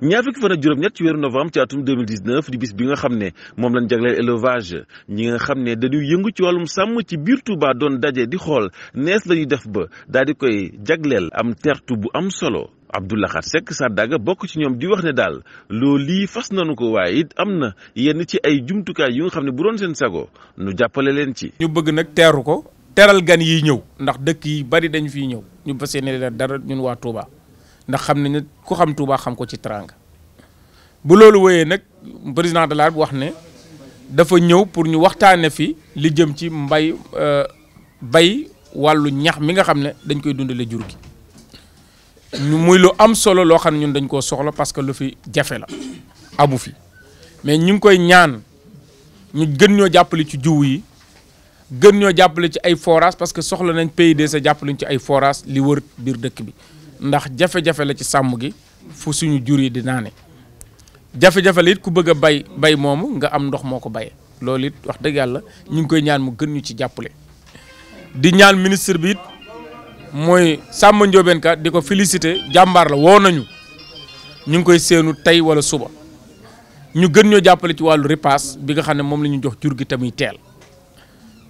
ñaar fukki fan ak juróom-ñett ci weeru novembre ci atum 2019 di bis bi nga xam ne moom lañ jagleel élevage ñi nga xam ne dañuy yëngu ci wàllum sàmm ci biir Touba doon daje di xool nees la def ba daal di koy jagleel am tertu bu am solo Abdoulahat Seck Sadaga bokk ci ñoom di wax ne daal loolu lii fas nañu ko waaye it am na yenn ci ay jumtukaay yu nga xam ne bu doon seen sago nu jàppale leen ci. ñu bëgg nag teeru ko teral gan yi ñëw ndax dëkk yi bari dañu fi ñëw ñu fas yéene dara ñun waa Touba. ndax xam nañ ne ku xam Touba xam ko ci teraanga bu loolu wéyee nag président de la République wax ne dafa ñëw pour ñu waxtaane fi li jëm ci mbay euh, bay wàllu ñax mi nga xam ne dañ koy dundale jur gi muy lu am solo loo xam ne ñun dañ koo soxla parce que lu fi jafe la amu fi mais ñu ngi koy ñaan ñu gën ñoo jàppale ci jiwu yi gën ñoo jàppale ci ay forage parce que soxla nañ PIDC sa jàppale ci ay forage li wër biir dëkk bi ndax jafe-jafe la ci sàmm gi fu suñu jur yi di naane jafe-jafe la it ku bëgg a bay bay moomu nga am ndox moo ko bayee loolu it wax dëgg yàlla ñu ngi koy ñaan mu gën ñu ci jàppale. di ñaan ministre bi it mooy sàmm Ndiobène Ka di ko félicité jàmbaar la woo nañu ñu ngi koy seenu tey wala suba ñu gën ñoo jàppale ci wàllu ripaas bi nga xam ne moom la ñu jox jur gi tamuy teel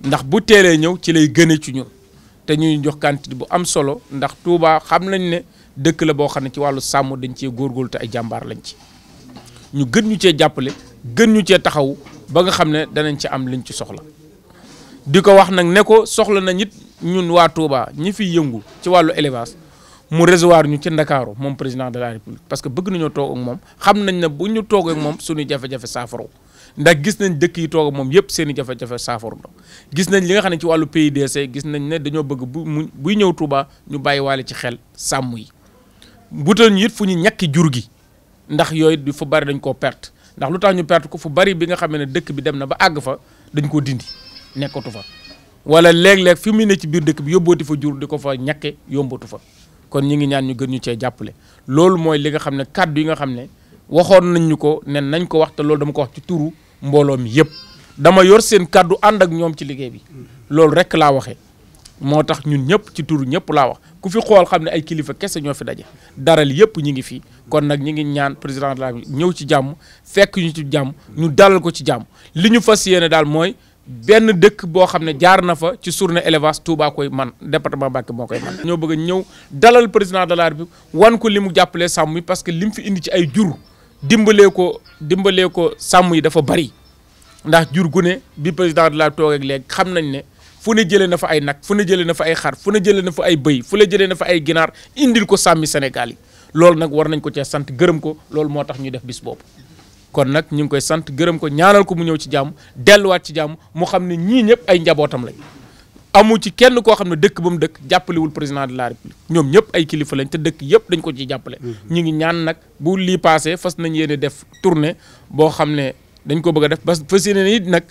ndax bu teelee ñëw ci lay gëne ci ñun. te ñuy jox quantité bu am solo ndax Touba xam nañ ne dëkk la boo xam ne ci wàllu sàmm dañ cee góorgóorlu te ay jàmbaar lañ ci ñu gën ñu cee jàppale gën ñu cee taxaw ba nga xam ne danañ ci am lañ ci soxla di ko wax nag ne ko soxla na ñit ñun waa Touba ñi fi yëngu ci wàllu élevage mu recevoir ñu ci Ndakaaru moom président de la République parce que bëgg nañoo toog moom xam nañ ne bu ñu toog ak moom suñu jafe-jafe saafara ndax gis nañ dëkk yi toog moom yëpp seeni i jafe-jafe saafaru na gis nañ li nga xam ne ci wàllu de se gis nañ ne dañoo bëgg bu mu buy ñëw Touba ñu bàyyi waale ci xel sàmm yi butal ñu it fu ñu ñàkki jur gi ndax yooyu du fa bari dañ koo perte ndax lu tax ñu perte ko fu bari bi nga xam ne dëkk bi dem na ba àgg fa dañ koo dindi nekkatu fa wala léeg-léeg fi muy ne ci biir dëkk bi yóbbooti fa jur di ko fa ñàkke yombatu fa kon ñu ngi ñaan ñu gën ñu cee jàppale loolu mooy li nga xam ne kàddu yi nga xam ne waxoon nañ ñu ko nen nañ ko wax loolu dama ko ci turu mbooloo mi yëpp dama yor seen kàddu ànd ak ñoom ci liggéey bi loolu rek laa waxee moo tax ñun ñëpp ci tur ñëpp laa wax ku fi xool xam ne ay kilifa kese ñoo fi daje dara li yëpp ñu ngi fii kon nag ñu ngi ñaan président de la ñëw ci jàmm fekk ñu ci jàmm ñu dalal ko ci jàmm li ñu fas yéene daal mooy benn dëkk boo xam ne jaar na fa ci journée élevage Touba koy man département Mbacké moo koy man ñoo bëgg ñëw dalal président de la République wan ko li mu jàppalee sàmm yi parce que li mu fi indi ci ay jur dimbalee ko dimbalee ko sàmm yi dafa bari ndax jur gu ne bi président de la toog ak léegi xam nañ ne fu ne jëlee na fa ay nag fu ne jëlee na fa ay xar fu ne jëlee na fa ay bëy fu ne jëlee na fa ay ginaar indil ko sàmmi Sénégal yi loolu nag war nañ ko cee sant gërëm ko loolu moo tax ñu def bis boobu. kon nag ñu ngi koy sant gërëm ko ñaanal ko mu ñëw ci jàmm delluwaat ci jàmm mu xam ne ñii ñëpp ay njabootam lañ. amu ci kenn koo xam ne dëkk ba mu dëkk jàppalewul président de la république ñoom ñëpp ay kilifa lañ te dëkk yëpp dañ ko ci jàppale. Mhm. ñu ngi ñaan nag bu lii paasee fas nañ yéene def tournée boo xam ne dañ ko bëgg a def parce que fas yéene it nag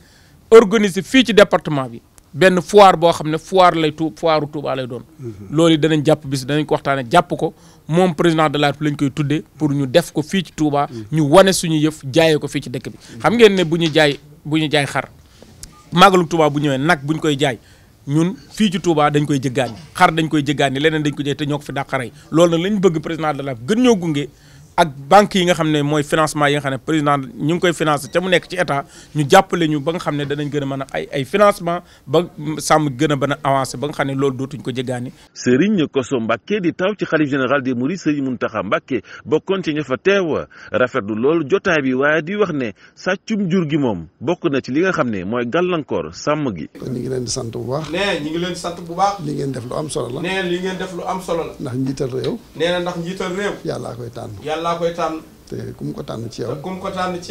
organiser fii ci département bi benn foire boo xam ne foire lay tu foiru Touba lay doon. Mhm. loolu it danañ danañ ko waxtaanee jàpp ko moom président de la république lañ koy tuddee pour ñu def ko fii ci Touba. Mhm. ñu wane suñu yëf jaayee ko fii ci dëkk bi. xam ngeen ne bu ñu jaay bu ñu jaay xar màggalu Touba bu ñëwee nag buñ koy jaay. ñun fii ci Touba dañ koy jëggaani xar dañ koy jëggaani leneen dañ ko jëy te ñoo ko fi dàqarey loolu na lañ bëgg président de la gën ñoo gunge ak banque yi nga xam ne mooy financement yi nga xam ne président ñu ngi koy financé te mu nekk ci état ñu jàppale ñu ba nga xam ne danañ gën a a ay ay financement ba sàmm gën a mën ba nga xam ne loolu dootuñ ko jéggaani. Serigne Kosso Mbacké di taw ci xalif général des Mourides Serigne Mountakha Mbacké bokkoon ci ña fa teew rafetlu loolu jotaay bi waaye di wax ne sàccum jur gi moom bokk na ci li nga xam ne mooy gallankoor sàmm gi. ñu ngi leen di sant bu baax. nee ñu ngi leen di sant bu baax. solo la. nee li ngeen lu am solo la. ndax njiital ndax njiital réew. yàlla koy tànn. yàllaa koy tànn te ku mu ko tànn ci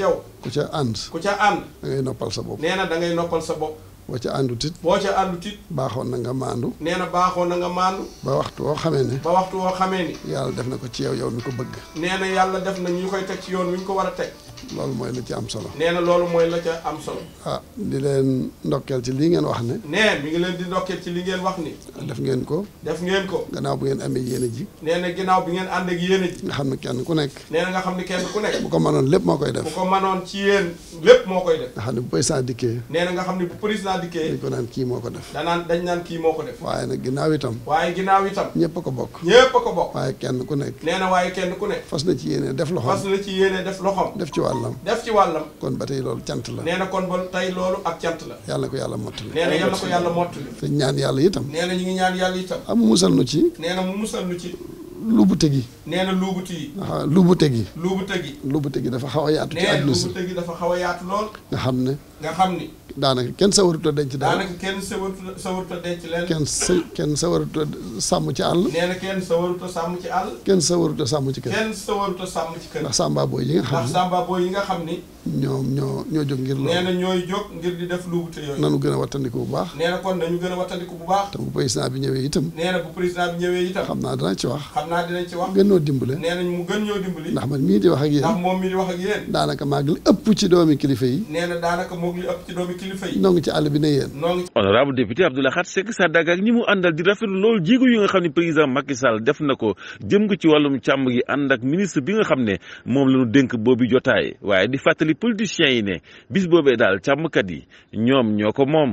yow ku ca ànd ku ca ànd da noppal sa bopp nee na da ngay noppal sa bopp boo ca àndut it boo ca àndut baaxoon na nga maandu nee na baaxoon na nga maandu ba waxtu woo xamee ne ba waxtu woo xamee ni yàlla def na ko ci yow yow mi ko bëgg nee na yàlla def na ñu koy teg ci yoon wi ñu ko war a teg loolu mooy la ci am solo. nee na loolu mooy la ca am solo. ah di leen ndokkeel ci lii ngeen wax ne. nee mi ngi leen di ndokkeel ci li ngeen wax ni. def ngeen ko. def ngeen ko. gannaaw bu ngeen amee yéene ji. nee na bi ngeen ànd ak yéene nga xam ne kenn ku nekk. nee na nga xam ne kenn ku nekk. bu ko mënoon lépp moo koy def. bu ko mënoon ci yéen lépp moo koy ne bu président dikkee. nee na nga xam ne bu président dikkee. dañ ko naan kii moo ko def. danaan dañ naan kii moo ko def. waaye nag ginnaaw itam. waaye ginnaaw itam. a ko bokk. ñëpp a ko bokk. waaye kenn ku nekk. nee na waaye kenn ku nekk. fas na ci yéene def loxoom. fas na ci yéene def loxoom. def ci wàllam. def ci wàllam. kon ba tey loolu cant la. nee na kon ba tey loolu ak cant la. yàlla ko yàlla mottali. nee na yàlla ko yàlla mottali. te ñaan yàlla itam. nee na ñu ngi ñaan yàlla itam. ah mu musal nu ci. nee na mu musal nu ci. luubute gi. nee na luubute yi. waaw luubute gi. luubute gi. dafa xaw yaatu. ci àdduna si nee luubute gi dafa xaw a yaatu lool. nga xam ne. nga xam ni. daanaka kenn sawarut a denc daal daanaka kenn sawarut sawarut a denc leen. kenn sa kenn sawarut a sàmm ci àll. nee na kenn sawarut a sàmm ci àll. kenn sawarut a sàmm ci kër. kenn sawarut a sàmm ci kër. ndax sàmba booy yi nga xam ne. ndax sàmba booy yi nga xam ni. ñoom ñoo ñoo jóg ngir loolu nee na ñooy di def lu yooyu nanu gën a wattandiku bu baax nee na kon nañu gën a wattandiku bu baax te bu président bi ñëwee itam nee na bu président bi ñëwee itam xam naa dana wax xam naa dinañ ci nee nañ mu gën man mii wax ak yéen moom mii di wax daanaka maag li ëpp ci doomi kilifa yi nee na daanaka ci noo ci àll bi ne yéen noo ngi honorable député Abdou Lahad Seck Sadaga ak ñi mu àndal di rafetlu loolu jéego yi nga xam ne président Macky saal def na ko jëm ko ci wàllum càmm gi ànd ak ministre bi nga xam ne moom la ñu dénk boobu jotaay waaye di fàttali politiciens yi ne bis boobee daal càmmkat yi ñoom ñoo ko moom